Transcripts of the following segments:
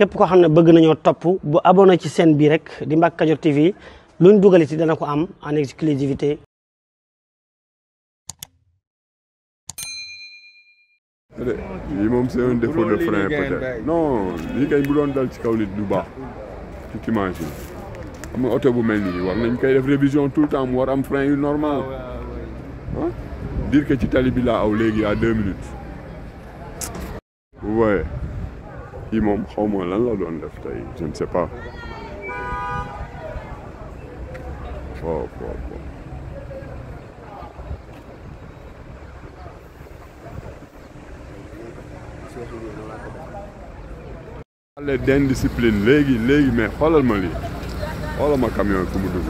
képp koo xam ne bëgg nañoo topp bu abonné ci seen bi rek di Mbacke Kadior TV luñ dugal ci dana ko am en exclusivité lii moom c'est un de frein peut non lii kay bu doon dal ci kaw nit du baax tu t'imagines xam nga bu mel nii war nañ koy def révision tout le temps mu war am frein yu normal ah dire ci tali bi laa aw léegi à deux minutes vous voyez li moom xaw ma lan la doon def tey je ne sais pas waaw waaw waaw xale d'indiscipline léegi léegi mais xoolal ma lii xoolal ma camion fu mu dugg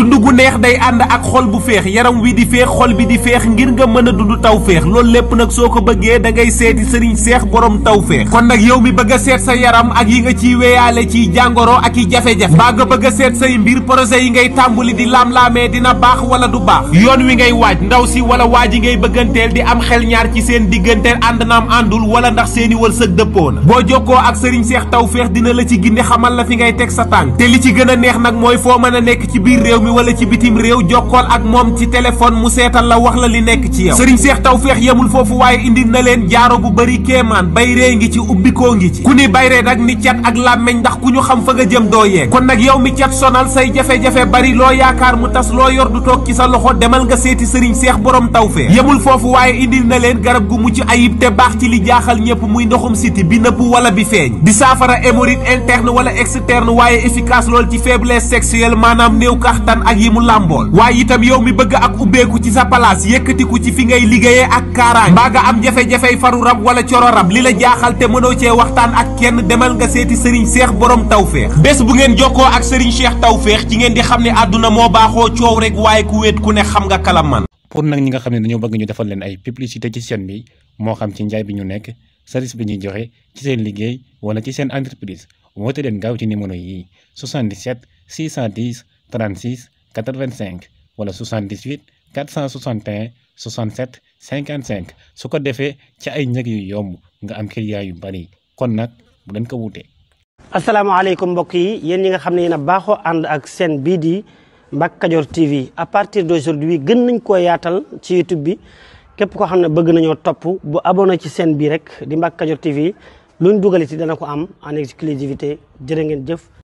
dund gu neex day ànd ak xol bu feex yaram wi di feex xol bi di feex ngir nga mën a dund taw feex loolu lépp nag soo ko bëggee da ngay seeti sëriñ seex borom taw feex kon nag yow mi bëgg seet sa yaram ak yi nga ciy weyaale ciy jàngoro ak yi jafe-jafe mbaa nga bëgg a seet say mbir projet yi ngay tàmbali di laam-laamee dina baax wala du baax yoon wi ngay waaj ndaw si wala waa ji ngay bëgganteel di am xel ñaar ci seen digganteel ànd naam àndul wala ndax seeni wërsëg dëppoo na boo jokkoo ak sëriñ seex taw feex dina la ci gindi xamal la fi ngay teg sa tànk te li ci gën neex nag mooy foo mën a nekk ci biir réew mi wala ci bitim réew jokkool ak moom ci téléphone mu seetal la wax la li nekk ci yow sëriñ seex tawfeex yemul foofu waaye indi na leen jaaro bu bëri kéemaan bayree ngi ci ubbikoo ngi ci ku ni bayree nag ni cat ak làmmeñ ndax ku ñu xam fa nga jëm doo yeeg kon nag yow mi cat sonal say jafe-jafe bari loo yaakaar mu tas loo yor du toog ci sa loxo demal nga seeti sëriñ seex borom tawfeex yemul foofu waaye indil na leen garab gu mucc ayib te baax ci li jaaxal ñépp muy ndoxum siti bi nëpp wala bi di saafara hémorroïde interne wala externe waaye efficace lool ci faiblesse sexuelle maanaam néew kaxtan bakkan ak yi mu làmbool waaye itam yow mi bëgg ak ubbeeku ci sa palaas yëkkatiku ci fi ngay liggéeyee ak kaaraange mbaa nga am jafe-jafey faru rab wala coro rab li la jaaxal te mënoo cee waxtaan ak kenn demal nga seeti sëriñ seex borom tawféex bés bu ngeen jokkoo ak sëriñ seex tawféex ci ngeen di xam ne àdduna moo baaxoo coow rek waaye ku wéet ku ne xam nga kala pour nag ñi nga xam ne dañoo bëgg ñu defal leen ay publicité ci seen bi moo xam ci njaay bi ñu nekk service bi ñuy joxe ci seen liggéey wala ci seen entreprise woote leen gaaw ci numéro yi 77 610 36 85 wala 78 461 67 55 su ko defee ci ay njëg yu yomb nga am client yu bari kon nag bu leen ko wuute. asalaamaaleykum mbokk yi yéen ñi nga xam ne yéen a baaxoo ànd ak seen bii di Mbacke Kadior TV à partir d'aujourd'hui gën nañ koo yaatal ci YouTube bi képp koo xam ne bëgg nañoo topp bu abonné ci seen bii rek di Mbacke Kadior TV luñ dugal ci dana ko am en exclusivité jërë ngeen jëf.